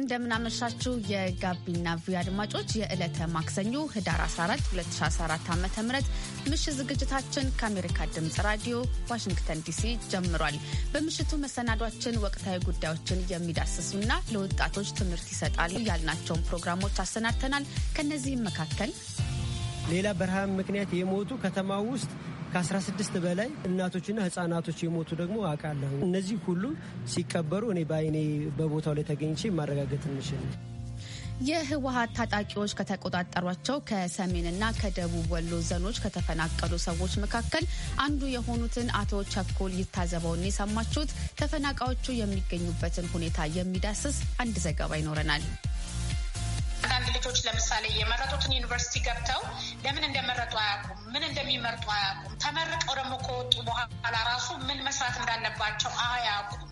እንደምናመሻችው የጋቢና ቪ አድማጮች የዕለተ ማክሰኞ ህዳር 14 2014 ዓ ም ምሽት ዝግጅታችን ከአሜሪካ ድምፅ ራዲዮ ዋሽንግተን ዲሲ ጀምሯል። በምሽቱ መሰናዷችን ወቅታዊ ጉዳዮችን የሚዳስሱና ለወጣቶች ትምህርት ይሰጣሉ ያልናቸውን ፕሮግራሞች አሰናድተናል። ከእነዚህም መካከል ሌላ በረሃብ ምክንያት የሞቱ ከተማ ውስጥ ከ16 በላይ እናቶችና ህጻናቶች የሞቱ ደግሞ አውቃለሁ። እነዚህ ሁሉ ሲቀበሩ እኔ በአይኔ በቦታው ላይ ተገኝቼ ማረጋገጥ እንችል። የህወሀት ታጣቂዎች ከተቆጣጠሯቸው ከሰሜንና ከደቡብ ወሎ ዘኖች ከተፈናቀሉ ሰዎች መካከል አንዱ የሆኑትን አቶ ቸኮል ይታዘበውን የሰማችሁት ተፈናቃዮቹ የሚገኙበትን ሁኔታ የሚዳስስ አንድ ዘገባ ይኖረናል። ሴቶች ለምሳሌ የመረጡትን ዩኒቨርሲቲ ገብተው ለምን እንደመረጡ አያውቁም፣ ምን እንደሚመርጡ አያውቁም። ተመርቀው ደግሞ ከወጡ በኋላ ራሱ ምን መስራት እንዳለባቸው አያውቁም።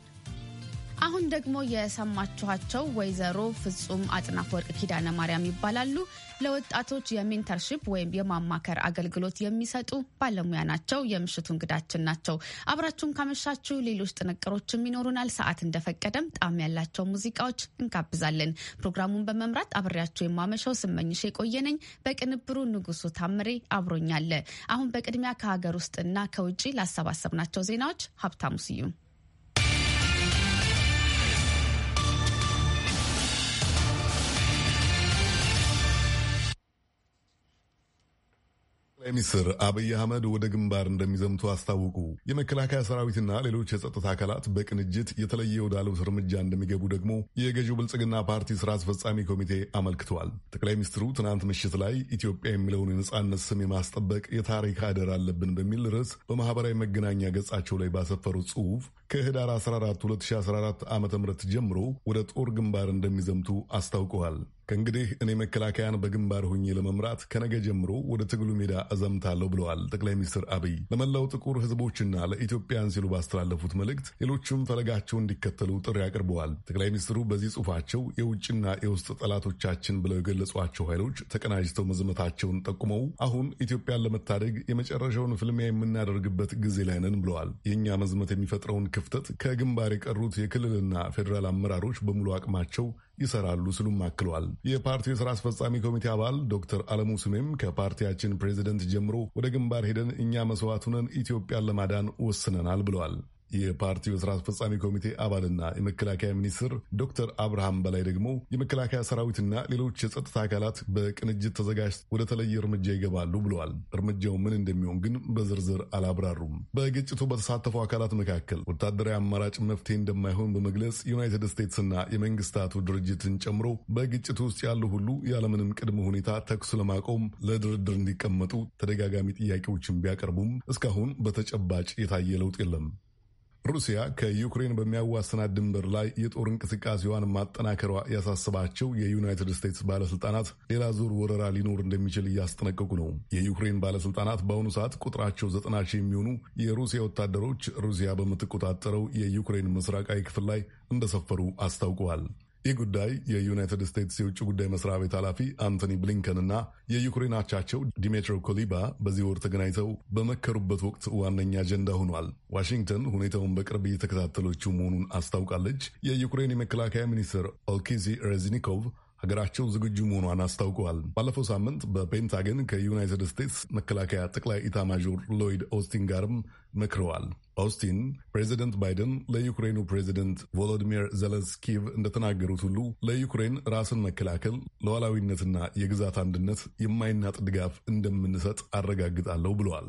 አሁን ደግሞ የሰማችኋቸው ወይዘሮ ፍጹም አጥናፍ ወርቅ ኪዳነ ማርያም ይባላሉ። ለወጣቶች የሜንተርሺፕ ወይም የማማከር አገልግሎት የሚሰጡ ባለሙያ ናቸው። የምሽቱ እንግዳችን ናቸው። አብራችሁን ካመሻችሁ ሌሎች ጥንቅሮችም ይኖሩናል። ሰዓት እንደፈቀደም ጣዕም ያላቸው ሙዚቃዎች እንጋብዛለን። ፕሮግራሙን በመምራት አብሬያቸው የማመሸው ስመኝሽ የቆየነኝ፣ በቅንብሩ ንጉሱ ታምሬ አብሮኛለ። አሁን በቅድሚያ ከሀገር ውስጥና ከውጭ ላሰባሰብናቸው ዜናዎች ሀብታሙ ስዩም ጠቅላይ ሚኒስትር አብይ አህመድ ወደ ግንባር እንደሚዘምቱ አስታወቁ። የመከላከያ ሰራዊትና ሌሎች የጸጥታ አካላት በቅንጅት የተለየ ወዳሉት እርምጃ እንደሚገቡ ደግሞ የገዢው ብልጽግና ፓርቲ ስራ አስፈጻሚ ኮሚቴ አመልክተዋል። ጠቅላይ ሚኒስትሩ ትናንት ምሽት ላይ ኢትዮጵያ የሚለውን የነጻነት ስም የማስጠበቅ የታሪክ አደር አለብን በሚል ርዕስ በማህበራዊ መገናኛ ገጻቸው ላይ ባሰፈሩት ጽሑፍ ከህዳር 14 2014 ዓ ም ጀምሮ ወደ ጦር ግንባር እንደሚዘምቱ አስታውቀዋል። ከእንግዲህ እኔ መከላከያን በግንባር ሁኜ ለመምራት ከነገ ጀምሮ ወደ ትግሉ ሜዳ እዘምታለሁ ብለዋል ጠቅላይ ሚኒስትር አብይ። ለመላው ጥቁር ህዝቦችና ለኢትዮጵያን ሲሉ ባስተላለፉት መልእክት ሌሎችም ፈለጋቸው እንዲከተሉ ጥሪ አቅርበዋል። ጠቅላይ ሚኒስትሩ በዚህ ጽሁፋቸው የውጭና የውስጥ ጠላቶቻችን ብለው የገለጿቸው ኃይሎች ተቀናጅተው መዝመታቸውን ጠቁመው አሁን ኢትዮጵያን ለመታደግ የመጨረሻውን ፍልሚያ የምናደርግበት ጊዜ ላይ ነን ብለዋል። የእኛ መዝመት የሚፈጥረውን ክፍተት ከግንባር የቀሩት የክልልና ፌዴራል አመራሮች በሙሉ አቅማቸው ይሰራሉ ስሉ አክለዋል። የፓርቲው የስራ አስፈጻሚ ኮሚቴ አባል ዶክተር አለሙ ስሜም ከፓርቲያችን ፕሬዚደንት ጀምሮ ወደ ግንባር ሄደን እኛ መስዋዕት ሁነን ኢትዮጵያን ለማዳን ወስነናል ብለዋል። የፓርቲው የስራ አስፈጻሚ ኮሚቴ አባልና የመከላከያ ሚኒስትር ዶክተር አብርሃም በላይ ደግሞ የመከላከያ ሰራዊትና ሌሎች የጸጥታ አካላት በቅንጅት ተዘጋጅ ወደ ተለየ እርምጃ ይገባሉ ብለዋል። እርምጃው ምን እንደሚሆን ግን በዝርዝር አላብራሩም። በግጭቱ በተሳተፉ አካላት መካከል ወታደራዊ አማራጭ መፍትሄ እንደማይሆን በመግለጽ ዩናይትድ ስቴትስና የመንግስታቱ ድርጅትን ጨምሮ በግጭቱ ውስጥ ያሉ ሁሉ ያለምንም ቅድመ ሁኔታ ተኩስ ለማቆም ለድርድር እንዲቀመጡ ተደጋጋሚ ጥያቄዎችን ቢያቀርቡም እስካሁን በተጨባጭ የታየ ለውጥ የለም። ሩሲያ ከዩክሬን በሚያዋስናት ድንበር ላይ የጦር እንቅስቃሴዋን ማጠናከሯ ያሳስባቸው የዩናይትድ ስቴትስ ባለስልጣናት ሌላ ዙር ወረራ ሊኖር እንደሚችል እያስጠነቀቁ ነው። የዩክሬን ባለስልጣናት በአሁኑ ሰዓት ቁጥራቸው ዘጠና ሺህ የሚሆኑ የሩሲያ ወታደሮች ሩሲያ በምትቆጣጠረው የዩክሬን ምስራቃዊ ክፍል ላይ እንደሰፈሩ አስታውቀዋል። ይህ ጉዳይ የዩናይትድ ስቴትስ የውጭ ጉዳይ መስሪያ ቤት ኃላፊ አንቶኒ ብሊንከንና የዩክሬን አቻቸው ዲሜትሮ ኮሊባ በዚህ ወር ተገናኝተው በመከሩበት ወቅት ዋነኛ አጀንዳ ሆኗል። ዋሽንግተን ሁኔታውን በቅርብ እየተከታተለችው መሆኑን አስታውቃለች። የዩክሬን የመከላከያ ሚኒስትር ኦልኪዚ ሬዝኒኮቭ ሀገራቸው ዝግጁ መሆኗን አስታውቀዋል። ባለፈው ሳምንት በፔንታገን ከዩናይትድ ስቴትስ መከላከያ ጠቅላይ ኢታማዦር ሎይድ ኦስቲን ጋርም መክረዋል። ኦስቲን ፕሬዚደንት ባይደን ለዩክሬኑ ፕሬዚደንት ቮሎዲሚር ዘለንስኪቭ እንደተናገሩት ሁሉ ለዩክሬን ራስን መከላከል፣ ሉዓላዊነትና የግዛት አንድነት የማይናጥ ድጋፍ እንደምንሰጥ አረጋግጣለሁ ብለዋል።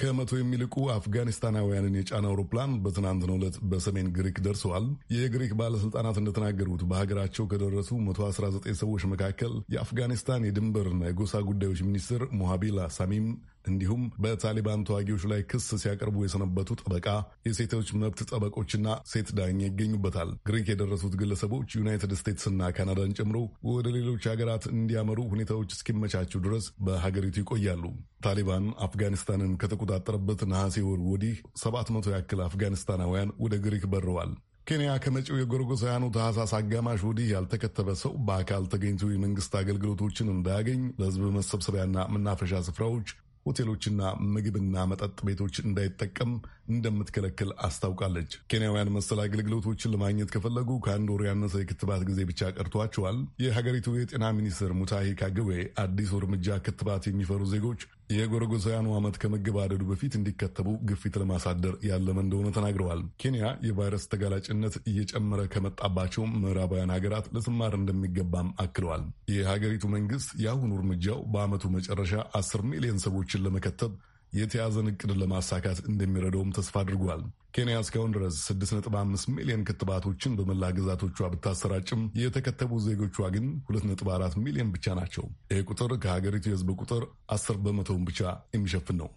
ከመቶ የሚልቁ አፍጋኒስታናውያንን የጫነ አውሮፕላን በትናንትናው ዕለት በሰሜን ግሪክ ደርሰዋል። የግሪክ ባለስልጣናት እንደተናገሩት በሀገራቸው ከደረሱ 119 ሰዎች መካከል የአፍጋኒስታን የድንበርና የጎሳ ጉዳዮች ሚኒስትር ሞሃቢላ ሳሚም እንዲሁም በታሊባን ተዋጊዎች ላይ ክስ ሲያቀርቡ የሰነበቱ ጠበቃ፣ የሴቶች መብት ጠበቆችና ሴት ዳኛ ይገኙበታል። ግሪክ የደረሱት ግለሰቦች ዩናይትድ ስቴትስና ካናዳን ጨምሮ ወደ ሌሎች ሀገራት እንዲያመሩ ሁኔታዎች እስኪመቻቸው ድረስ በሀገሪቱ ይቆያሉ። ታሊባን አፍጋኒስታንን ከተቆጣጠረበት ነሐሴ ወር ወዲህ ሰባት መቶ ያክል አፍጋኒስታናውያን ወደ ግሪክ በረዋል። ኬንያ ከመጪው የጎርጎሳውያኑ ታህሳስ አጋማሽ ወዲህ ያልተከተበ ሰው በአካል ተገኝቶ የመንግስት አገልግሎቶችን እንዳያገኝ ለህዝብ መሰብሰቢያና መናፈሻ ስፍራዎች ሆቴሎችና ምግብና መጠጥ ቤቶች እንዳይጠቀም እንደምትከለክል አስታውቃለች። ኬንያውያን መሰል አገልግሎቶችን ለማግኘት ከፈለጉ ከአንድ ወር ያነሰ የክትባት ጊዜ ብቻ ቀርቷቸዋል። የሀገሪቱ የጤና ሚኒስትር ሙታሂ ካገዌ አዲሱ እርምጃ ክትባት የሚፈሩ ዜጎች የጎረጎሳውያኑ ዓመት ከመገባደዱ በፊት እንዲከተቡ ግፊት ለማሳደር ያለመ እንደሆነ ተናግረዋል። ኬንያ የቫይረስ ተጋላጭነት እየጨመረ ከመጣባቸው ምዕራባውያን ሀገራት ልትማር እንደሚገባም አክለዋል። የሀገሪቱ መንግስት የአሁኑ እርምጃው በዓመቱ መጨረሻ አስር ሚሊዮን ሰዎችን ለመከተብ የተያዘን እቅድ ለማሳካት እንደሚረዳውም ተስፋ አድርጓል። ኬንያ እስካሁን ድረስ 6.5 ሚሊዮን ክትባቶችን በመላ ግዛቶቿ ብታሰራጭም የተከተቡ ዜጎቿ ግን 2.4 ሚሊዮን ብቻ ናቸው። ይህ ቁጥር ከሀገሪቱ የሕዝብ ቁጥር 10 በመቶውን ብቻ የሚሸፍን ነው።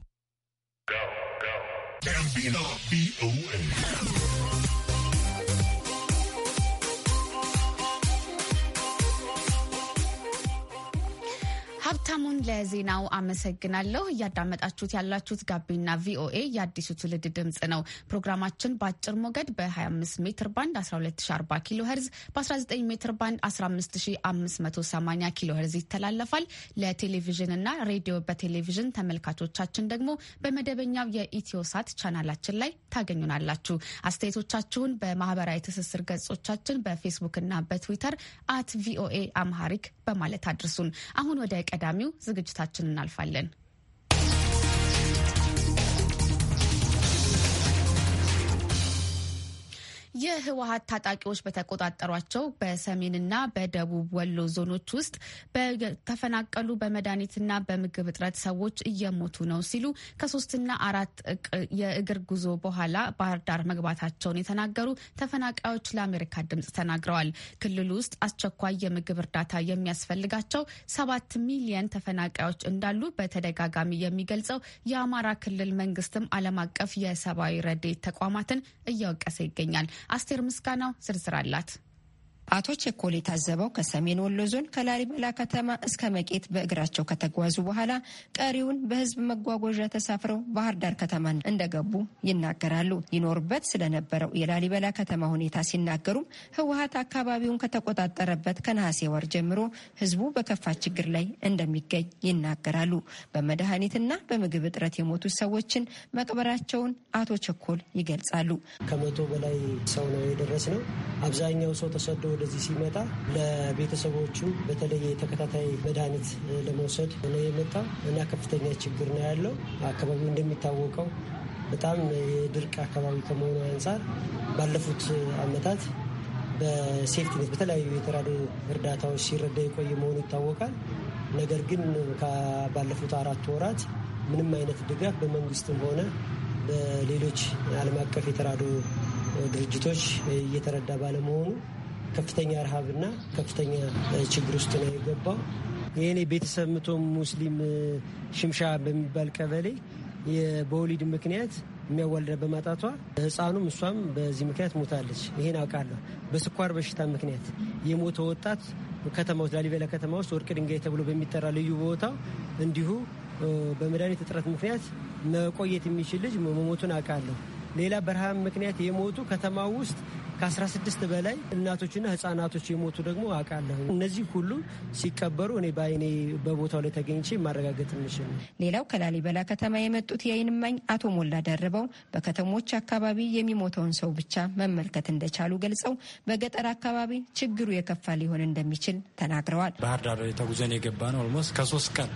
እንግዳዬን ለዜናው አመሰግናለሁ። እያዳመጣችሁት ያላችሁት ጋቢና ቪኦኤ የአዲሱ ትውልድ ድምፅ ነው። ፕሮግራማችን በአጭር ሞገድ በ25 ሜትር ባንድ 1240 ኪሎ ሄርዝ፣ በ19 ሜትር ባንድ 15580 ኪሎ ሄርዝ ይተላለፋል። ለቴሌቪዥንና ሬዲዮ በቴሌቪዥን ተመልካቾቻችን ደግሞ በመደበኛው የኢትዮሳት ቻናላችን ላይ ታገኙናላችሁ። አስተያየቶቻችሁን በማህበራዊ ትስስር ገጾቻችን በፌስቡክ እና በትዊተር አት ቪኦኤ አምሃሪክ በማለት አድርሱን። አሁን ወደ ቀዳሚው ዝግጅታችን እናልፋለን። የህወሀት ታጣቂዎች በተቆጣጠሯቸው በሰሜንና በደቡብ ወሎ ዞኖች ውስጥ በተፈናቀሉ በመድኃኒትና በምግብ እጥረት ሰዎች እየሞቱ ነው ሲሉ ከሶስትና አራት የእግር ጉዞ በኋላ ባህር ዳር መግባታቸውን የተናገሩ ተፈናቃዮች ለአሜሪካ ድምጽ ተናግረዋል። ክልሉ ውስጥ አስቸኳይ የምግብ እርዳታ የሚያስፈልጋቸው ሰባት ሚሊየን ተፈናቃዮች እንዳሉ በተደጋጋሚ የሚገልጸው የአማራ ክልል መንግስትም ዓለም አቀፍ የሰብአዊ ረዴት ተቋማትን እያወቀሰ ይገኛል። አስቴር ምስጋናው ዝርዝር አላት። አቶ ቸኮል የታዘበው ከሰሜን ወሎ ዞን ከላሊበላ ከተማ እስከ መቄት በእግራቸው ከተጓዙ በኋላ ቀሪውን በህዝብ መጓጓዣ ተሳፍረው ባህር ዳር ከተማ እንደገቡ ይናገራሉ። ይኖርበት ስለነበረው የላሊበላ ከተማ ሁኔታ ሲናገሩም ህወሀት አካባቢውን ከተቆጣጠረበት ከነሐሴ ወር ጀምሮ ህዝቡ በከፋ ችግር ላይ እንደሚገኝ ይናገራሉ። በመድኃኒትና በምግብ እጥረት የሞቱ ሰዎችን መቅበራቸውን አቶ ቸኮል ይገልጻሉ። ከመቶ በላይ ሰው ነው የደረስ ነው። አብዛኛው ሰው ተሰዶ ወደዚህ ሲመጣ ለቤተሰቦቹ በተለይ የተከታታይ መድኃኒት ለመውሰድ ነው የመጣ እና ከፍተኛ ችግር ነው ያለው። አካባቢው እንደሚታወቀው በጣም የድርቅ አካባቢ ከመሆኑ አንጻር ባለፉት ዓመታት በሴፍቲኔት በተለያዩ የተራዶ እርዳታዎች ሲረዳ የቆየ መሆኑ ይታወቃል። ነገር ግን ባለፉት አራት ወራት ምንም አይነት ድጋፍ በመንግስትም ሆነ በሌሎች ዓለም አቀፍ የተራዶ ድርጅቶች እየተረዳ ባለመሆኑ ከፍተኛ ረሃብና ከፍተኛ ችግር ውስጥ ነው የገባው። የእኔ ቤተሰብ ምቶ ሙስሊም ሽምሻ በሚባል ቀበሌ በወሊድ ምክንያት የሚያዋልደ በማጣቷ ህፃኑም እሷም በዚህ ምክንያት ሞታለች። ይሄን አውቃለሁ። በስኳር በሽታ ምክንያት የሞተ ወጣት ከተማ ውስጥ ላሊበላ ከተማ ውስጥ ወርቅ ድንጋይ ተብሎ በሚጠራ ልዩ ቦታው እንዲሁ በመድኃኒት እጥረት ምክንያት መቆየት የሚችል ልጅ መሞቱን አውቃለሁ። ሌላ በረሃብ ምክንያት የሞቱ ከተማ ውስጥ ከ16 በላይ እናቶችና ህጻናቶች የሞቱ ደግሞ አውቃለሁ። እነዚህ ሁሉ ሲቀበሩ እኔ በአይኔ በቦታው ላይ ተገኝቼ ማረጋገጥ የምችል ሌላው ከላሊበላ ከተማ የመጡት የአይንማኝ አቶ ሞላ ደርበው በከተሞች አካባቢ የሚሞተውን ሰው ብቻ መመልከት እንደቻሉ ገልጸው በገጠር አካባቢ ችግሩ የከፋ ሊሆን እንደሚችል ተናግረዋል። ባህር ዳር ተጉዘን የገባ ነው ኦልሞስት ከሶስት ቀን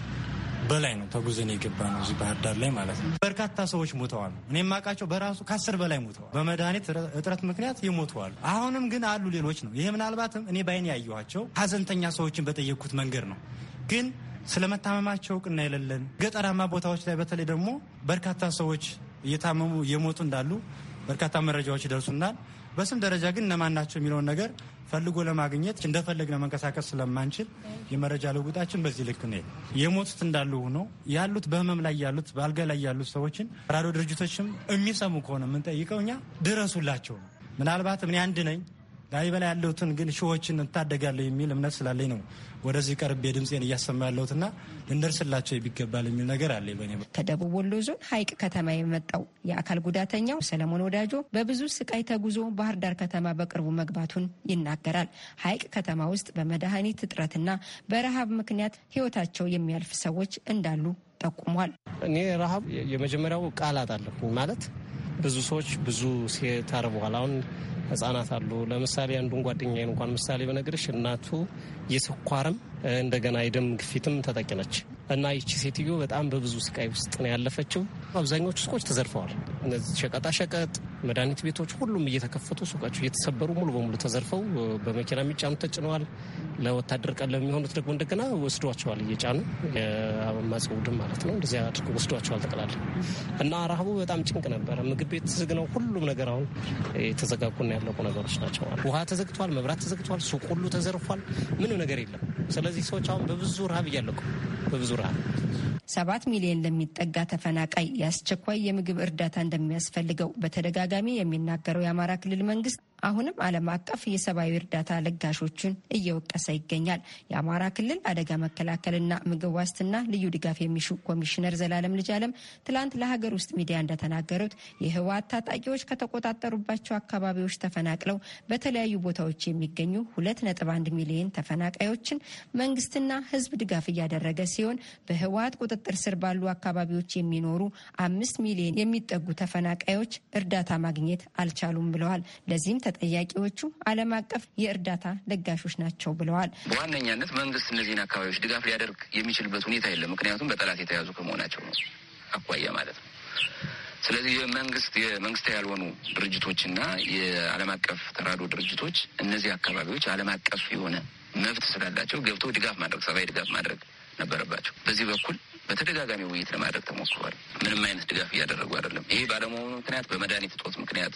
በላይ ነው ተጉዘን የገባ ነው እዚህ ባህር ዳር ላይ ማለት ነው። በርካታ ሰዎች ሞተዋል። እኔ የማውቃቸው በራሱ ከአስር በላይ ሞተዋል። በመድኃኒት እጥረት ምክንያት ይሞተዋል። አሁንም ግን አሉ ሌሎች ነው። ይሄ ምናልባትም እኔ ባይን ያየኋቸው ሀዘንተኛ ሰዎችን በጠየቅኩት መንገድ ነው ግን ስለመታመማቸው እውቅና የሌለን ገጠራማ ቦታዎች ላይ በተለይ ደግሞ በርካታ ሰዎች እየታመሙ እየሞቱ እንዳሉ በርካታ መረጃዎች ይደርሱናል። በስም ደረጃ ግን እነማን ናቸው የሚለውን ነገር ፈልጎ ለማግኘት እንደፈለግን መንቀሳቀስ ስለማንችል የመረጃ ልውውጣችን በዚህ ልክ ነው። የሞቱት እንዳሉ ሆኖ ያሉት በህመም ላይ ያሉት በአልጋ ላይ ያሉት ሰዎችን ራዶ ድርጅቶችም የሚሰሙ ከሆነ የምንጠይቀው እኛ ድረሱላቸው ነው። ምናልባት እኔ አንድ ነኝ ላሊበላ ያለሁትን ግን ሺዎችን እንታደጋለሁ የሚል እምነት ስላለኝ ነው ወደዚህ ቀርቤ ድምፄን እያሰማ ያለሁትና ልንደርስላቸው ይገባል የሚል ነገር አለ። ከደቡብ ወሎ ዞን ሀይቅ ከተማ የመጣው የአካል ጉዳተኛው ሰለሞን ወዳጆ በብዙ ስቃይ ተጉዞ ባህር ዳር ከተማ በቅርቡ መግባቱን ይናገራል። ሀይቅ ከተማ ውስጥ በመድኃኒት እጥረትና በረሃብ ምክንያት ህይወታቸው የሚያልፍ ሰዎች እንዳሉ ጠቁሟል። እኔ ረሃብ የመጀመሪያው ቃላት አጣለሁ ማለት ብዙ ሰዎች ብዙ ሴት አሁን ህጻናት አሉ። ለምሳሌ አንዱን ጓደኛዬን እንኳን ምሳሌ በነገርሽ እናቱ የስኳርም እንደገና የደም ግፊትም ተጠቂ ነች እና ይቺ ሴትዮ በጣም በብዙ ስቃይ ውስጥ ነው ያለፈችው። አብዛኞቹ ሱቆች ተዘርፈዋል። እነዚህ ሸቀጣሸቀጥ፣ መድኃኒት ቤቶች ሁሉም እየተከፈቱ ሱቃቸው እየተሰበሩ ሙሉ በሙሉ ተዘርፈው በመኪና የሚጫኑ ተጭነዋል። ለወታደር ቀን ለሚሆኑት ደግሞ እንደገና ወስዷቸዋል እየጫኑ የአማጽ ቡድን ማለት ነው። እንደዚያ አድርጎ ወስዷቸዋል ጠቅላላ እና ረሃቡ በጣም ጭንቅ ነበረ። ምግብ ቤት ዝግ ነው። ሁሉም ነገር አሁን የተዘጋጉና ያለቁ ነገሮች ናቸው። ውሃ ተዘግቷል፣ መብራት ተዘግቷል፣ ሱቅ ሁሉ ተዘርፏል። ምንም ነገር የለም። ስለዚህ ሰዎች አሁን በብዙ ረሃብ እያለቁ በብዙ ረሃብ ሰባት ሚሊዮን ለሚጠጋ ተፈናቃይ የአስቸኳይ የምግብ እርዳታ እንደሚያስፈልገው በተደጋጋሚ የሚናገረው የአማራ ክልል መንግስት አሁንም ዓለም አቀፍ የሰብአዊ እርዳታ ለጋሾችን እየወቀሰ ይገኛል። የአማራ ክልል አደጋ መከላከልና ምግብ ዋስትና ልዩ ድጋፍ የሚሹ ኮሚሽነር ዘላለም ልጅአለም ትላንት ለሀገር ውስጥ ሚዲያ እንደተናገሩት የህወሓት ታጣቂዎች ከተቆጣጠሩባቸው አካባቢዎች ተፈናቅለው በተለያዩ ቦታዎች የሚገኙ ሁለት ነጥብ አንድ ሚሊዮን ተፈናቃዮችን መንግስትና ህዝብ ድጋፍ እያደረገ ሲሆን በህወሓት ቁጥጥር ስር ባሉ አካባቢዎች የሚኖሩ አምስት ሚሊዮን የሚጠጉ ተፈናቃዮች እርዳታ ማግኘት አልቻሉም ብለዋል። ለዚህም ተጠያቂዎቹ ዓለም አቀፍ የእርዳታ ለጋሾች ናቸው ብለዋል። በዋነኛነት መንግስት እነዚህን አካባቢዎች ድጋፍ ሊያደርግ የሚችልበት ሁኔታ የለም። ምክንያቱም በጠላት የተያዙ ከመሆናቸው ነው አኳያ ማለት ነው። ስለዚህ የመንግስት የመንግስት ያልሆኑ ድርጅቶችና የዓለም አቀፍ ተራድኦ ድርጅቶች እነዚህ አካባቢዎች ዓለም አቀፍ የሆነ መብት ስላላቸው ገብተው ድጋፍ ማድረግ ሰብአዊ ድጋፍ ማድረግ ነበረባቸው። በዚህ በኩል በተደጋጋሚ ውይይት ለማድረግ ተሞክሯል። ምንም አይነት ድጋፍ እያደረጉ አይደለም። ይሄ ባለመሆኑ ምክንያት፣ በመድኃኒት እጦት ምክንያት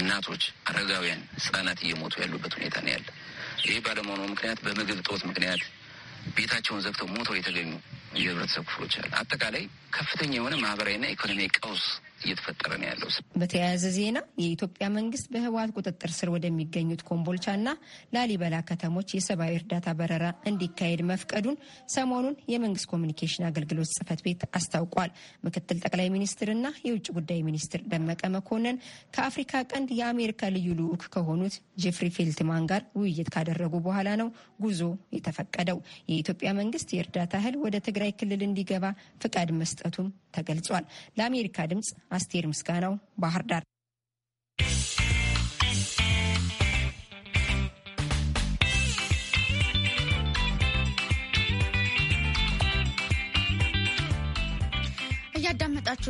እናቶች፣ አረጋውያን፣ ህጻናት እየሞቱ ያሉበት ሁኔታ ነው ያለ። ይህ ባለመሆኑ ምክንያት በምግብ እጦት ምክንያት ቤታቸውን ዘግተው ሞተው የተገኙ የህብረተሰብ ክፍሎች አሉ። አጠቃላይ ከፍተኛ የሆነ ማህበራዊና ኢኮኖሚያዊ ቀውስ እየተፈጠረ ነው ያለው። በተያያዘ ዜና የኢትዮጵያ መንግስት በህወሀት ቁጥጥር ስር ወደሚገኙት ኮምቦልቻና ላሊበላ ከተሞች የሰብአዊ እርዳታ በረራ እንዲካሄድ መፍቀዱን ሰሞኑን የመንግስት ኮሚኒኬሽን አገልግሎት ጽህፈት ቤት አስታውቋል። ምክትል ጠቅላይ ሚኒስትርና የውጭ ጉዳይ ሚኒስትር ደመቀ መኮንን ከአፍሪካ ቀንድ የአሜሪካ ልዩ ልዑክ ከሆኑት ጄፍሪ ፌልትማን ጋር ውይይት ካደረጉ በኋላ ነው ጉዞ የተፈቀደው። የኢትዮጵያ መንግስት የእርዳታ እህል ወደ ትግራይ ክልል እንዲገባ ፍቃድ መስጠቱም ተገልጿል። ለአሜሪካ ድምፅ አስቴር ምስጋናው ባህር ዳር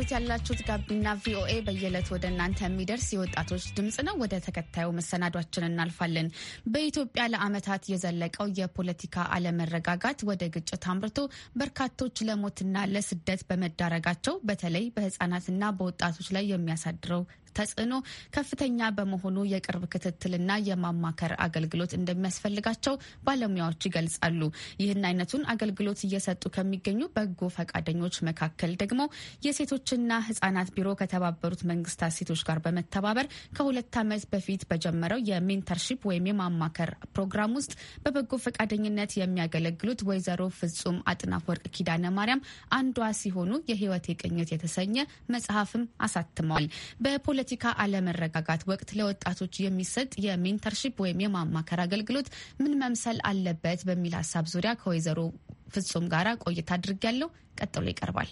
እያዳመጣችሁት ያላችሁት ጋቢና ቪኦኤ በየዕለት ወደ እናንተ የሚደርስ የወጣቶች ድምፅ ነው። ወደ ተከታዩ መሰናዷችን እናልፋለን። በኢትዮጵያ ለዓመታት የዘለቀው የፖለቲካ አለመረጋጋት ወደ ግጭት አምርቶ በርካቶች ለሞትና ለስደት በመዳረጋቸው በተለይ በህጻናትና በወጣቶች ላይ የሚያሳድረው ተጽዕኖ ከፍተኛ በመሆኑ የቅርብ ክትትልና የማማከር አገልግሎት እንደሚያስፈልጋቸው ባለሙያዎች ይገልጻሉ። ይህን አይነቱን አገልግሎት እየሰጡ ከሚገኙ በጎ ፈቃደኞች መካከል ደግሞ የሴቶችና ህጻናት ቢሮ ከተባበሩት መንግስታት ሴቶች ጋር በመተባበር ከሁለት ዓመት በፊት በጀመረው የሜንተርሺፕ ወይም የማማከር ፕሮግራም ውስጥ በበጎ ፈቃደኝነት የሚያገለግሉት ወይዘሮ ፍጹም አጥናፍ ወርቅ ኪዳነ ማርያም አንዷ ሲሆኑ የህይወት የቅኝት የተሰኘ መጽሐፍም አሳትመዋል። በፖለቲ በፖለቲካ አለመረጋጋት ወቅት ለወጣቶች የሚሰጥ የሜንተርሺፕ ወይም የማማከር አገልግሎት ምን መምሰል አለበት በሚል ሀሳብ ዙሪያ ከወይዘሮ ፍጹም ጋራ ቆይታ አድርጊያለሁ። ቀጥሎ ይቀርባል።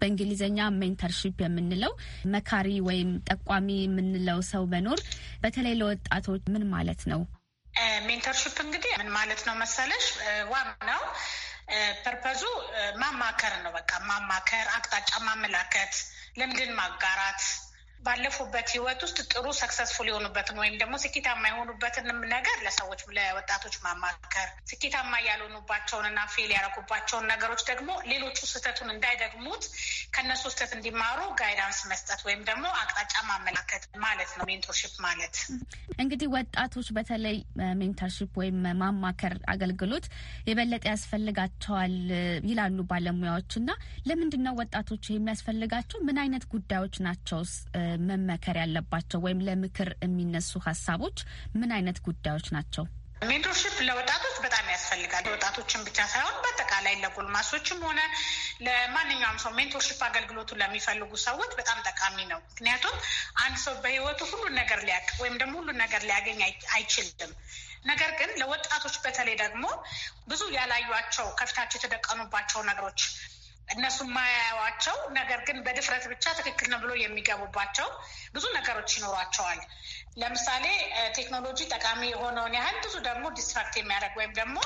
በእንግሊዝኛ ሜንተርሺፕ የምንለው መካሪ ወይም ጠቋሚ የምንለው ሰው በኖር በተለይ ለወጣቶች ምን ማለት ነው? ሜንተርሺፕ እንግዲህ ምን ማለት ነው መሰለሽ፣ ዋናው ፐርፐዙ ማማከር ነው። በቃ ማማከር፣ አቅጣጫ ማመላከት፣ ልምድን ማጋራት ባለፉበት ህይወት ውስጥ ጥሩ ሰክሰስፉል የሆኑበትን ወይም ደግሞ ስኬታማ የሆኑበትንም ነገር ለሰዎች ለወጣቶች ማማከር ስኬታማ ያልሆኑባቸውንና ፌል ያደረጉባቸውን ነገሮች ደግሞ ሌሎቹ ስህተቱን እንዳይደግሙት ከነሱ ስህተት እንዲማሩ ጋይዳንስ መስጠት ወይም ደግሞ አቅጣጫ ማመላከት ማለት ነው ሜንቶርሽፕ ማለት። እንግዲህ ወጣቶች በተለይ ሜንተርሽፕ ወይም ማማከር አገልግሎት የበለጠ ያስፈልጋቸዋል ይላሉ ባለሙያዎች እና ለምንድን ነው ወጣቶች የሚያስፈልጋቸው? ምን አይነት ጉዳዮች ናቸውስ መመከር ያለባቸው ወይም ለምክር የሚነሱ ሀሳቦች ምን አይነት ጉዳዮች ናቸው? ሜንቶርሽፕ ለወጣቶች በጣም ያስፈልጋል። ለወጣቶችን ብቻ ሳይሆን በአጠቃላይ ለጎልማሶችም ሆነ ለማንኛውም ሰው ሜንቶርሽፕ አገልግሎቱ ለሚፈልጉ ሰዎች በጣም ጠቃሚ ነው። ምክንያቱም አንድ ሰው በህይወቱ ሁሉን ነገር ሊያቅ ወይም ደግሞ ሁሉን ነገር ሊያገኝ አይችልም። ነገር ግን ለወጣቶች በተለይ ደግሞ ብዙ ያላዩቸው ከፊታቸው የተደቀኑባቸው ነገሮች እነሱ የማያያዋቸው ነገር ግን በድፍረት ብቻ ትክክል ነው ብሎ የሚገቡባቸው ብዙ ነገሮች ይኖሯቸዋል። ለምሳሌ ቴክኖሎጂ ጠቃሚ የሆነውን ያህል ብዙ ደግሞ ዲስትራክት የሚያደርግ ወይም ደግሞ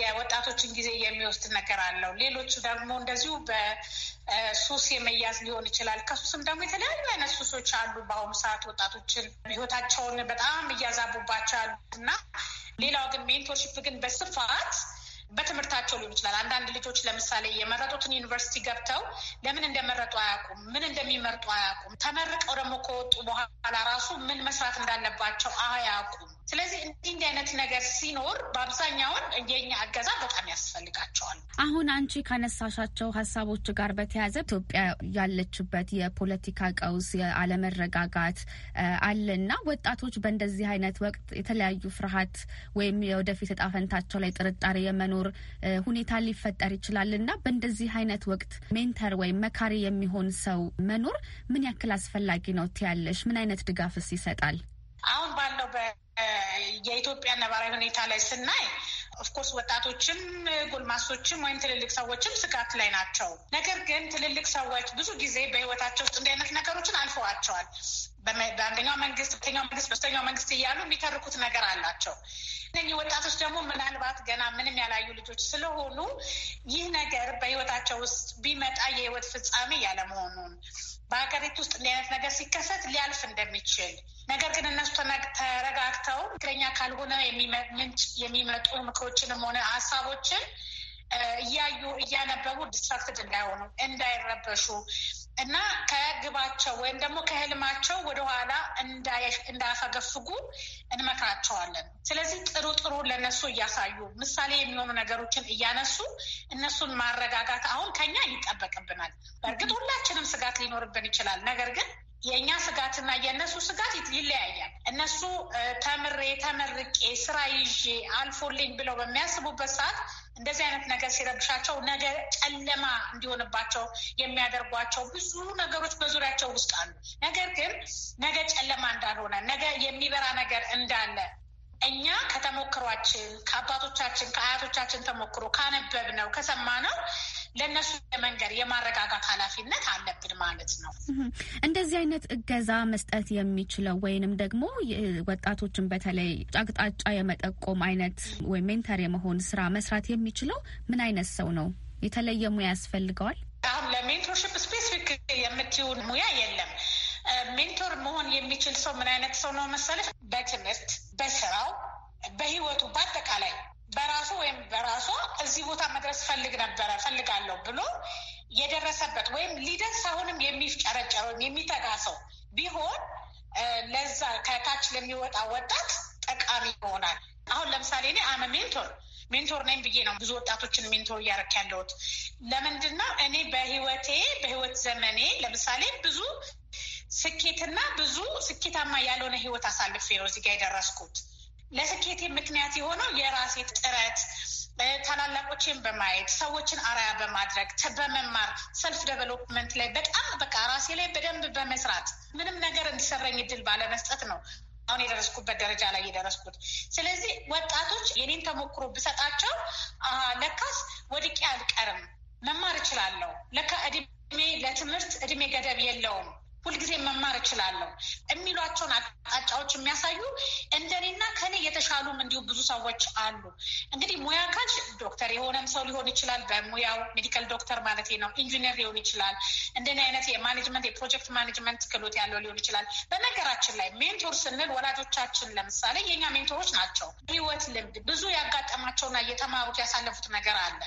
የወጣቶችን ጊዜ የሚወስድ ነገር አለው። ሌሎቹ ደግሞ እንደዚሁ በሱስ የመያዝ ሊሆን ይችላል። ከሱስም ደግሞ የተለያዩ አይነት ሱሶች አሉ። በአሁኑ ሰዓት ወጣቶችን ህይወታቸውን በጣም እያዛቡባቸው አሉ እና ሌላው ግን ሜንቶርሽፕ ግን በስፋት በትምህርታቸው ሊሆን ይችላል። አንዳንድ ልጆች ለምሳሌ የመረጡትን ዩኒቨርሲቲ ገብተው ለምን እንደመረጡ አያውቁም፣ ምን እንደሚመርጡ አያውቁም። ተመርቀው ደግሞ ከወጡ በኋላ ራሱ ምን መስራት እንዳለባቸው አያውቁም። ስለዚህ እንዲህ እንዲህ አይነት ነገር ሲኖር በአብዛኛውን የኛ እገዛ በጣም ያስፈልጋቸዋል። አሁን አንቺ ካነሳሻቸው ሀሳቦች ጋር በተያያዘ ኢትዮጵያ ያለችበት የፖለቲካ ቀውስ፣ የአለመረጋጋት አለና ወጣቶች በእንደዚህ አይነት ወቅት የተለያዩ ፍርሃት ወይም የወደፊት እጣ ፈንታቸው ላይ ጥርጣሬ የመኖር የመኖር ሁኔታ ሊፈጠር ይችላል እና በእንደዚህ አይነት ወቅት ሜንተር ወይም መካሪ የሚሆን ሰው መኖር ምን ያክል አስፈላጊ ነው ትያለሽ? ምን አይነት ድጋፍስ ይሰጣል? አሁን ባለው የኢትዮጵያ ነባራዊ ሁኔታ ላይ ስናይ ኦፍኮርስ ወጣቶችም ጎልማሶችም ወይም ትልልቅ ሰዎችም ስጋት ላይ ናቸው። ነገር ግን ትልልቅ ሰዎች ብዙ ጊዜ በህይወታቸው ውስጥ እንዲህ አይነት ነገሮችን አልፈዋቸዋል። በአንደኛው መንግስት፣ ሁለተኛው መንግስት፣ ሶስተኛው መንግስት እያሉ የሚተርኩት ነገር አላቸው። እነኚህ ወጣቶች ደግሞ ምናልባት ገና ምንም ያላዩ ልጆች ስለሆኑ ይህ ነገር በህይወታቸው ውስጥ ቢመጣ የህይወት ፍጻሜ ያለመሆኑን በሀገሪቱ ውስጥ እንዲህ አይነት ነገር ሲከሰት ሊያልፍ እንደሚችል ነገር ግን እነሱ ተረጋግተው ትክክለኛ ካልሆነ ምንጭ የሚመጡ ምክሮችንም ሆነ ሀሳቦችን እያዩ እያነበቡ ዲስትራክትድ እንዳይሆኑ፣ እንዳይረበሹ እና ከግባቸው ወይም ደግሞ ከህልማቸው ወደኋላ እንዳያፈገፍጉ እንመክራቸዋለን። ስለዚህ ጥሩ ጥሩ ለነሱ እያሳዩ ምሳሌ የሚሆኑ ነገሮችን እያነሱ እነሱን ማረጋጋት አሁን ከኛ ይጠበቅብናል። በእርግጥ ሁላችንም ስጋት ሊኖርብን ይችላል። ነገር ግን የእኛ ስጋትና የእነሱ ስጋት ይለያያል። እነሱ ተምሬ ተመርቄ ስራ ይዤ አልፎልኝ ብለው በሚያስቡበት ሰዓት እንደዚህ አይነት ነገር ሲረብሻቸው ነገ ጨለማ እንዲሆንባቸው የሚያደርጓቸው ብዙ ነገሮች በዙሪያቸው ውስጥ አሉ። ነገር ግን ነገ ጨለማ እንዳልሆነ ነገ የሚበራ ነገር እንዳለ እኛ ከተሞክሯችን ከአባቶቻችን ከአያቶቻችን ተሞክሮ ካነበብነው ከሰማነው ለእነሱ የመንገድ የማረጋጋት ኃላፊነት አለብን ማለት ነው። እንደዚህ አይነት እገዛ መስጠት የሚችለው ወይንም ደግሞ ወጣቶችን በተለይ አቅጣጫ የመጠቆም አይነት ወይም ሜንተር የመሆን ስራ መስራት የሚችለው ምን አይነት ሰው ነው? የተለየ ሙያ ያስፈልገዋል? አሁን ለሜንቶርሽፕ ስፔሲፊክ የምትውን ሙያ የለም። ሜንቶር መሆን የሚችል ሰው ምን አይነት ሰው ነው መሰለሽ? በትምህርት በስራው በህይወቱ በአጠቃላይ በራሱ ወይም በራሷ እዚህ ቦታ መድረስ ፈልግ ነበረ ፈልጋለሁ ብሎ የደረሰበት ወይም ሊደርስ አሁንም የሚፍጨረጨር ወይም የሚተጋ ሰው ቢሆን ለዛ ከታች ለሚወጣ ወጣት ጠቃሚ ይሆናል። አሁን ለምሳሌ እኔ አመ ሜንቶር ሜንቶር ነኝ ብዬ ነው ብዙ ወጣቶችን ሜንቶር እያደረክ ያለሁት። ለምንድን ነው እኔ በህይወቴ በህይወት ዘመኔ ለምሳሌ ብዙ ስኬትና ብዙ ስኬታማ ያልሆነ ህይወት አሳልፌ ነው እዚጋ የደረስኩት። ለስኬቴ ምክንያት የሆነው የራሴ ጥረት ታላላቆችን በማየት ሰዎችን አራያ በማድረግ በመማር ሰልፍ ደቨሎፕመንት ላይ በጣም በቃ ራሴ ላይ በደንብ በመስራት ምንም ነገር እንዲሰረኝ እድል ባለመስጠት ነው አሁን የደረስኩበት ደረጃ ላይ የደረስኩት። ስለዚህ የኔን ተሞክሮ ብሰጣቸው ለካስ ወድቄ አልቀርም፣ መማር እችላለሁ፣ ለካ እድሜ ለትምህርት እድሜ ገደብ የለውም ሁልጊዜ መማር እችላለሁ የሚሏቸውን አቅጣጫዎች የሚያሳዩ እንደኔና ከኔ የተሻሉም እንዲሁ ብዙ ሰዎች አሉ። እንግዲህ ሙያ ካልሽ ዶክተር የሆነም ሰው ሊሆን ይችላል። በሙያው ሜዲካል ዶክተር ማለት ነው። ኢንጂነር ሊሆን ይችላል። እንደኔ አይነት የማኔጅመንት የፕሮጀክት ማኔጅመንት ክህሎት ያለው ሊሆን ይችላል። በነገራችን ላይ ሜንቶር ስንል ወላጆቻችን ለምሳሌ የኛ ሜንቶሮች ናቸው። ህይወት ልምድ፣ ብዙ ያጋጠማቸውና እየተማሩት ያሳለፉት ነገር አለ።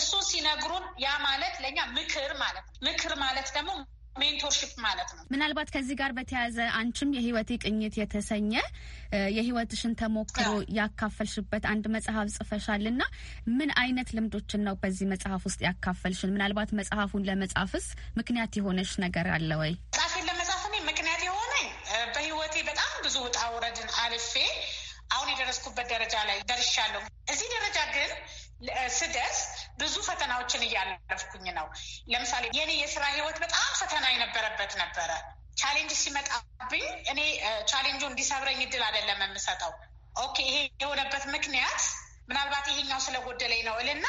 እሱ ሲነግሩን ያ ማለት ለእኛ ምክር ማለት ምክር ማለት ደግሞ ሜንቶርሽፕ ማለት ነው። ምናልባት ከዚህ ጋር በተያያዘ አንቺም የህይወቴ ቅኝት የተሰኘ የህይወትሽን ተሞክሮ ያካፈልሽበት አንድ መጽሐፍ ጽፈሻል እና ምን አይነት ልምዶችን ነው በዚህ መጽሐፍ ውስጥ ያካፈልሽን? ምናልባት መጽሐፉን ለመጻፍስ ምክንያት የሆነሽ ነገር አለ ወይ? መጽሐፌን ለመጻፍ እኔ ምክንያት የሆነ በህይወቴ በጣም ብዙ ውጣ ውረድን አልፌ አሁን የደረስኩበት ደረጃ ላይ ደርሻለሁ። እዚህ ደረጃ ግን ስደርስ ብዙ ፈተናዎችን እያለፍኩኝ ነው። ለምሳሌ የኔ የስራ ህይወት በጣም ፈተና የነበረበት ነበረ። ቻሌንጅ ሲመጣብኝ እኔ ቻሌንጁ እንዲሰብረኝ እድል አይደለም የምሰጠው። ኦኬ ይሄ የሆነበት ምክንያት ምናልባት ይሄኛው ስለጎደለኝ ነው እልና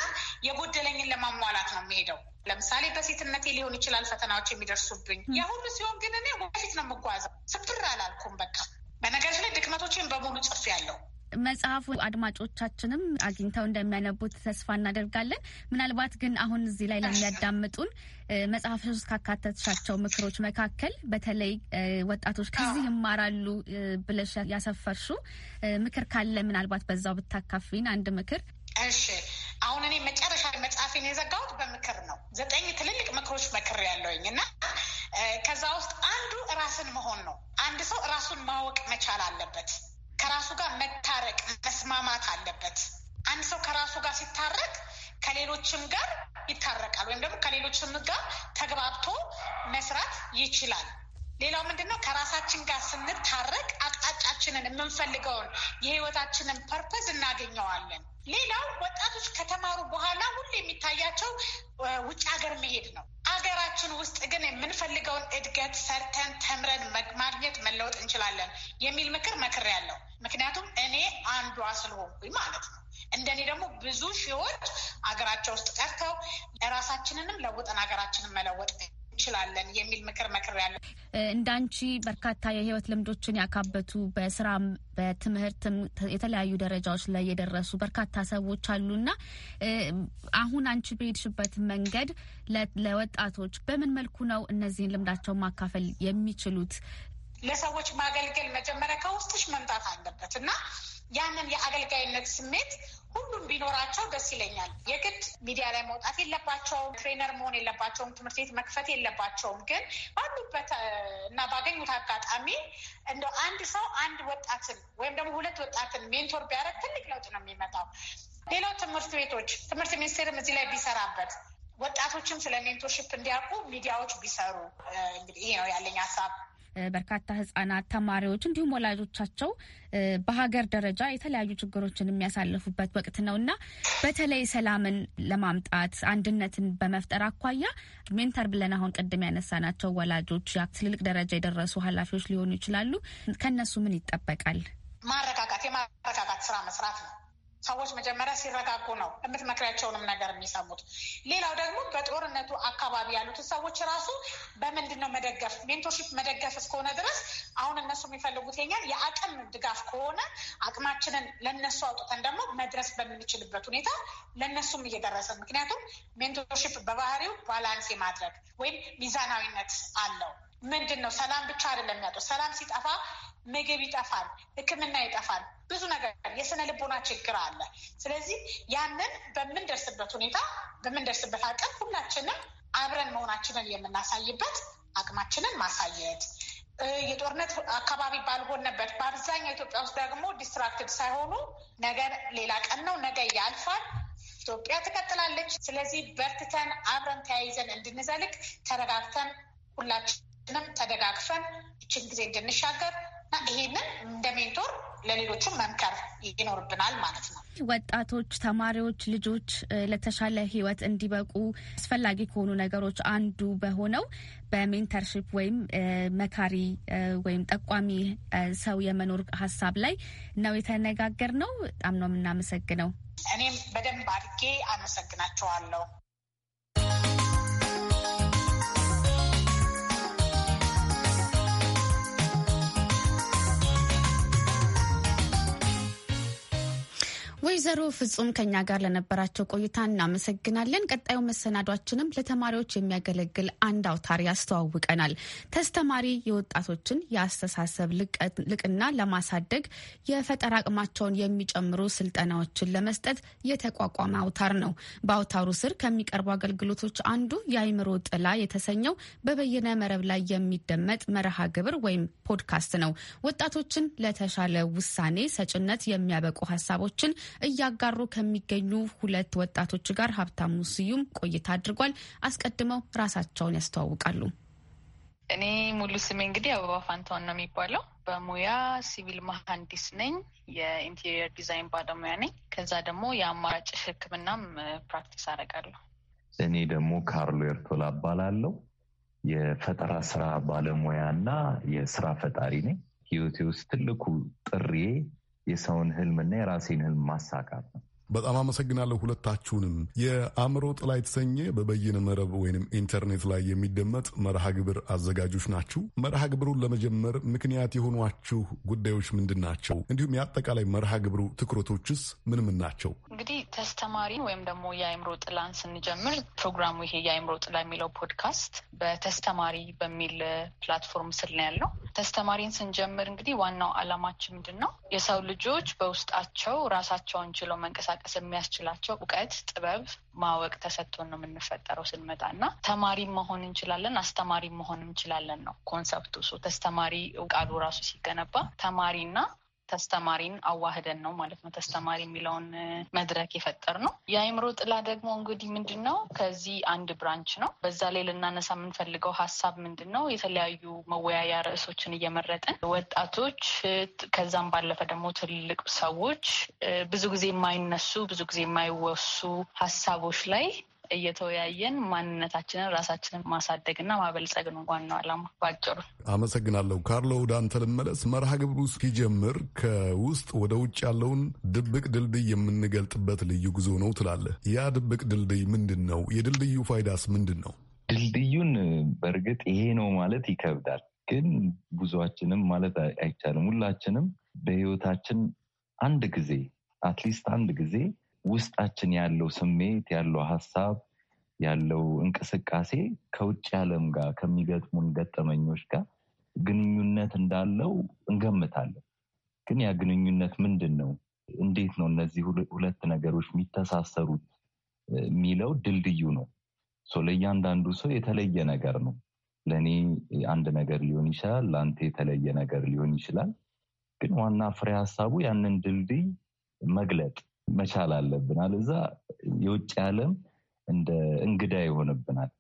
የጎደለኝን ለማሟላት ነው የሚሄደው። ለምሳሌ በሴትነቴ ሊሆን ይችላል ፈተናዎች የሚደርሱብኝ። ያ ሲሆን ግን እኔ ወደፊት ነው የምጓዘው። ስብር አላልኩም። በቃ በነገር ላይ ድክመቶችን በሙሉ ጽፌያለሁ። መጽሐፉ አድማጮቻችንም አግኝተው እንደሚያነቡት ተስፋ እናደርጋለን። ምናልባት ግን አሁን እዚህ ላይ ለሚያዳምጡን መጽሐፍ ውስጥ ካካተትሻቸው ምክሮች መካከል በተለይ ወጣቶች ከዚህ ይማራሉ ብለሽ ያሰፈርሹ ምክር ካለ ምናልባት በዛው ብታካፍኝ አንድ ምክር። እሺ፣ አሁን እኔ መጨረሻ መጽሐፌን የዘጋሁት በምክር ነው። ዘጠኝ ትልልቅ ምክሮች መክር ያለውኝ እና ከዛ ውስጥ አንዱ ራስን መሆን ነው። አንድ ሰው ራሱን ማወቅ መቻል አለበት። ከራሱ ጋር መታረቅ መስማማት አለበት። አንድ ሰው ከራሱ ጋር ሲታረቅ ከሌሎችም ጋር ይታረቃል፣ ወይም ደግሞ ከሌሎችም ጋር ተግባብቶ መስራት ይችላል። ሌላው ምንድን ነው? ከራሳችን ጋር ስንታረቅ አቅጣጫችንን የምንፈልገውን የህይወታችንን ፐርፐዝ እናገኘዋለን። ሌላው ወጣቶች ከተማሩ በኋላ ሁሉ የሚታያቸው ውጭ ሀገር መሄድ ነው። ሀገራችን ውስጥ ግን የምንፈልገውን እድገት ሰርተን ተምረን ማግኘት መለወጥ እንችላለን የሚል ምክር መክር ያለው ምክንያቱም እኔ አንዷ ስለሆንኩኝ ማለት ነው። እንደኔ ደግሞ ብዙ ሺዎች ሀገራቸው ውስጥ ቀርተው ራሳችንንም ለውጠን ሀገራችንን መለወጥ እንችላለን የሚል ምክር መክር ያለ እንዳንቺ በርካታ የህይወት ልምዶችን ያካበቱ በስራም በትምህርትም የተለያዩ ደረጃዎች ላይ የደረሱ በርካታ ሰዎች አሉና አሁን አንቺ በሄድሽበት መንገድ ለወጣቶች በምን መልኩ ነው እነዚህን ልምዳቸውን ማካፈል የሚችሉት? ለሰዎች ማገልገል መጀመሪያ ከውስጥሽ መምጣት አለበት እና ያንን የአገልጋይነት ስሜት ሁሉም ቢኖራቸው ደስ ይለኛል። የግድ ሚዲያ ላይ መውጣት የለባቸውም፣ ትሬነር መሆን የለባቸውም፣ ትምህርት ቤት መክፈት የለባቸውም። ግን ባሉበት እና ባገኙት አጋጣሚ እንደ አንድ ሰው አንድ ወጣትን ወይም ደግሞ ሁለት ወጣትን ሜንቶር ቢያደርግ ትልቅ ለውጥ ነው የሚመጣው። ሌላው ትምህርት ቤቶች፣ ትምህርት ሚኒስቴርም እዚህ ላይ ቢሰራበት ወጣቶችም ስለ ሜንቶርሽፕ እንዲያውቁ ሚዲያዎች ቢሰሩ። እንግዲህ ይሄ ነው ያለኝ ሀሳብ። በርካታ ህጻናት፣ ተማሪዎች እንዲሁም ወላጆቻቸው በሀገር ደረጃ የተለያዩ ችግሮችን የሚያሳልፉበት ወቅት ነው እና በተለይ ሰላምን ለማምጣት አንድነትን በመፍጠር አኳያ ሜንተር ብለን አሁን ቅድም ያነሳናቸው ወላጆች፣ ትልልቅ ደረጃ የደረሱ ኃላፊዎች ሊሆኑ ይችላሉ። ከነሱ ምን ይጠበቃል? ማረጋጋት የማረጋጋት ስራ መስራት ነው። ሰዎች መጀመሪያ ሲረጋጉ ነው የምትመክሪያቸውንም ነገር የሚሰሙት። ሌላው ደግሞ በጦርነቱ አካባቢ ያሉትን ሰዎች ራሱ በምንድን ነው መደገፍ፣ ሜንቶርሺፕ መደገፍ እስከሆነ ድረስ አሁን እነሱ የሚፈልጉት የኛን የአቅም ድጋፍ ከሆነ አቅማችንን ለነሱ አውጥተን ደግሞ መድረስ በምንችልበት ሁኔታ ለነሱም እየደረሰ ምክንያቱም ሜንቶርሺፕ በባህሪው ባላንስ የማድረግ ወይም ሚዛናዊነት አለው። ምንድን ነው ሰላም ብቻ አይደለም የሚያጡ ሰላም ሲጠፋ ምግብ ይጠፋል፣ ሕክምና ይጠፋል፣ ብዙ ነገር የስነ ልቦና ችግር አለ። ስለዚህ ያንን በምንደርስበት ሁኔታ በምንደርስበት አቅም ሁላችንም አብረን መሆናችንን የምናሳይበት አቅማችንን ማሳየት የጦርነት አካባቢ ባልሆነበት በአብዛኛው ኢትዮጵያ ውስጥ ደግሞ ዲስትራክትድ ሳይሆኑ ነገ ሌላ ቀን ነው፣ ነገ ያልፋል፣ ኢትዮጵያ ትቀጥላለች። ስለዚህ በርትተን አብረን ተያይዘን እንድንዘልቅ ተረጋግተን ሁላችንም ተደጋግፈን ይችን ጊዜ እንድንሻገር እና ይሄንን እንደ ሜንቶር ለሌሎችም መምከር ይኖርብናል ማለት ነው። ወጣቶች፣ ተማሪዎች፣ ልጆች ለተሻለ ህይወት እንዲበቁ አስፈላጊ ከሆኑ ነገሮች አንዱ በሆነው በሜንተርሽፕ ወይም መካሪ ወይም ጠቋሚ ሰው የመኖር ሀሳብ ላይ ነው የተነጋገር ነው። በጣም ነው የምናመሰግነው። እኔም በደንብ አድጌ አመሰግናቸዋለሁ። ወይዘሮ ፍጹም ከኛ ጋር ለነበራቸው ቆይታ እናመሰግናለን። ቀጣዩ መሰናዷችንም ለተማሪዎች የሚያገለግል አንድ አውታር ያስተዋውቀናል። ተስተማሪ የወጣቶችን የአስተሳሰብ ልቅና ለማሳደግ የፈጠራ አቅማቸውን የሚጨምሩ ስልጠናዎችን ለመስጠት የተቋቋመ አውታር ነው። በአውታሩ ስር ከሚቀርቡ አገልግሎቶች አንዱ የአይምሮ ጥላ የተሰኘው በበይነ መረብ ላይ የሚደመጥ መርሃ ግብር ወይም ፖድካስት ነው። ወጣቶችን ለተሻለ ውሳኔ ሰጭነት የሚያበቁ ሀሳቦችን እያጋሩ ከሚገኙ ሁለት ወጣቶች ጋር ሀብታሙ ስዩም ቆይታ አድርጓል። አስቀድመው ራሳቸውን ያስተዋውቃሉ። እኔ ሙሉ ስሜ እንግዲህ አበባ ፋንታውን ነው የሚባለው። በሙያ ሲቪል መሀንዲስ ነኝ። የኢንቴሪየር ዲዛይን ባለሙያ ነኝ። ከዛ ደግሞ የአማራጭ ሕክምናም ፕራክቲስ አደርጋለሁ። እኔ ደግሞ ካርሎ ኤርቶላ እባላለሁ። የፈጠራ ስራ ባለሙያ እና የስራ ፈጣሪ ነኝ። ህይወቴ ውስጥ ትልቁ ጥሪዬ የሰውን ህልምና የራሴን ህልም ማሳካት ነው። በጣም አመሰግናለሁ ሁለታችሁንም። የአእምሮ ጥላ የተሰኘ በበይነ መረብ ወይም ኢንተርኔት ላይ የሚደመጥ መርሃ ግብር አዘጋጆች ናችሁ። መርሃ ግብሩን ለመጀመር ምክንያት የሆኗችሁ ጉዳዮች ምንድን ናቸው? እንዲሁም የአጠቃላይ መርሃ ግብሩ ትኩረቶችስ ምን ምን ናቸው? እንግዲህ ተስተማሪን ወይም ደግሞ የአእምሮ ጥላን ስንጀምር ፕሮግራሙ ይሄ የአእምሮ ጥላ የሚለው ፖድካስት በተስተማሪ በሚል ፕላትፎርም ስር ነው ያለው ተስተማሪን ስንጀምር እንግዲህ ዋናው አላማችን ምንድን ነው? የሰው ልጆች በውስጣቸው ራሳቸውን ችለው መንቀሳቀስ የሚያስችላቸው እውቀት፣ ጥበብ፣ ማወቅ ተሰጥቶን ነው የምንፈጠረው ስንመጣ እና ተማሪ መሆን እንችላለን፣ አስተማሪ መሆን እንችላለን ነው ኮንሰፕቱ። ተስተማሪ ቃሉ ራሱ ሲገነባ ተማሪና ተስተማሪን አዋህደን ነው ማለት ነው። ተስተማሪ የሚለውን መድረክ የፈጠር ነው። የአእምሮ ጥላ ደግሞ እንግዲህ ምንድን ነው? ከዚህ አንድ ብራንች ነው። በዛ ላይ ልናነሳ የምንፈልገው ሀሳብ ምንድን ነው? የተለያዩ መወያያ ርዕሶችን እየመረጥን ወጣቶች፣ ከዛም ባለፈ ደግሞ ትልቅ ሰዎች ብዙ ጊዜ የማይነሱ ብዙ ጊዜ የማይወሱ ሀሳቦች ላይ እየተወያየን ማንነታችንን ራሳችንን ማሳደግና ማበልጸግ ነው ዋናው ዓላማ ባጭሩ። አመሰግናለሁ። ካርሎ ወደ አንተ ልመለስ። መርሃ ግብሩ ሲጀምር ከውስጥ ወደ ውጭ ያለውን ድብቅ ድልድይ የምንገልጥበት ልዩ ጉዞ ነው ትላለህ። ያ ድብቅ ድልድይ ምንድን ነው? የድልድዩ ፋይዳስ ምንድን ነው? ድልድዩን በእርግጥ ይሄ ነው ማለት ይከብዳል። ግን ጉዞአችንም ማለት አይቻልም ሁላችንም በህይወታችን አንድ ጊዜ አትሊስት አንድ ጊዜ ውስጣችን ያለው ስሜት ያለው ሀሳብ ያለው እንቅስቃሴ ከውጭ ዓለም ጋር ከሚገጥሙን ገጠመኞች ጋር ግንኙነት እንዳለው እንገምታለን። ግን ያ ግንኙነት ምንድን ነው? እንዴት ነው እነዚህ ሁለት ነገሮች የሚተሳሰሩት የሚለው ድልድዩ ነው። ለእያንዳንዱ ሰው የተለየ ነገር ነው። ለእኔ አንድ ነገር ሊሆን ይችላል፣ ለአንተ የተለየ ነገር ሊሆን ይችላል። ግን ዋና ፍሬ ሀሳቡ ያንን ድልድይ መግለጥ መቻል አለብናል። እዛ የውጭ ዓለም እንደ እንግዳ ይሆንብናል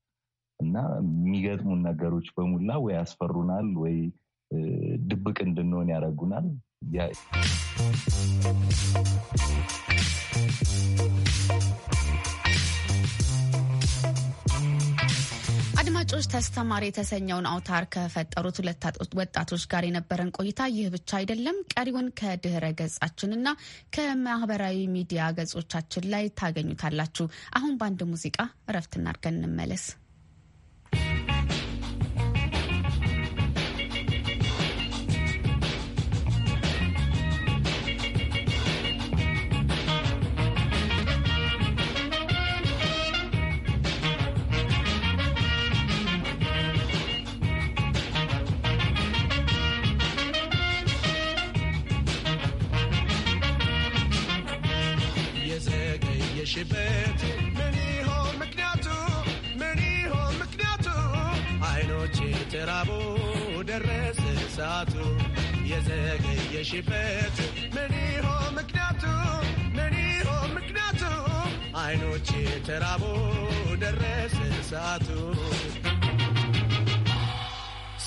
እና የሚገጥሙን ነገሮች በሙላ ወይ ያስፈሩናል ወይ ድብቅ እንድንሆን ያደርጉናል። አድማጮች ተስተማሪ የተሰኘውን አውታር ከፈጠሩት ሁለት ወጣቶች ጋር የነበረን ቆይታ ይህ ብቻ አይደለም። ቀሪውን ከድህረ ገጻችንና ከማህበራዊ ሚዲያ ገጾቻችን ላይ ታገኙታላችሁ። አሁን በአንድ ሙዚቃ እረፍት እናድርገን እንመለስ። አንቺ ትራቦ ደረሰ ሰዓቱ የዘገየሽበት ምን ይሆን ምክንያቱ? ምን ይሆን ምክንያቱ? አይኖች ተራቦ ደረሰ ሰዓቱ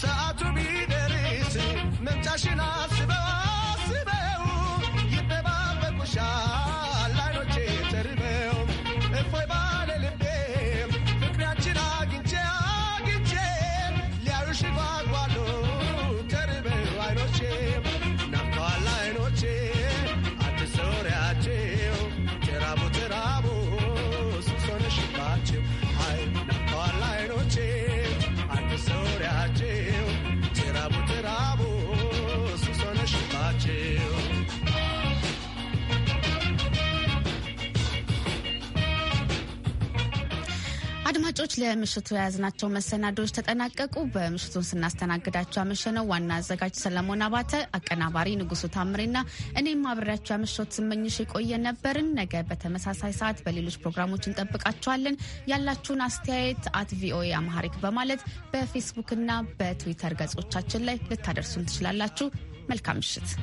ሰዓቱ ቢደርስ መምጫሽን አስበው አስበው አድማጮች ለምሽቱ የያዝናቸው መሰናዶዎች ተጠናቀቁ። በምሽቱን ስናስተናግዳቸው ያመሸነው ዋና አዘጋጅ ሰለሞን አባተ፣ አቀናባሪ ንጉሱ ታምሬና እኔም አብሬያቸው ያመሸሁት ስመኝሽ የቆየ ነበርን። ነገ በተመሳሳይ ሰዓት በሌሎች ፕሮግራሞች እንጠብቃቸዋለን። ያላችሁን አስተያየት አት ቪኦኤ አማሐሪክ በማለት በፌስቡክና በትዊተር ገጾቻችን ላይ ልታደርሱን ትችላላችሁ። መልካም ምሽት።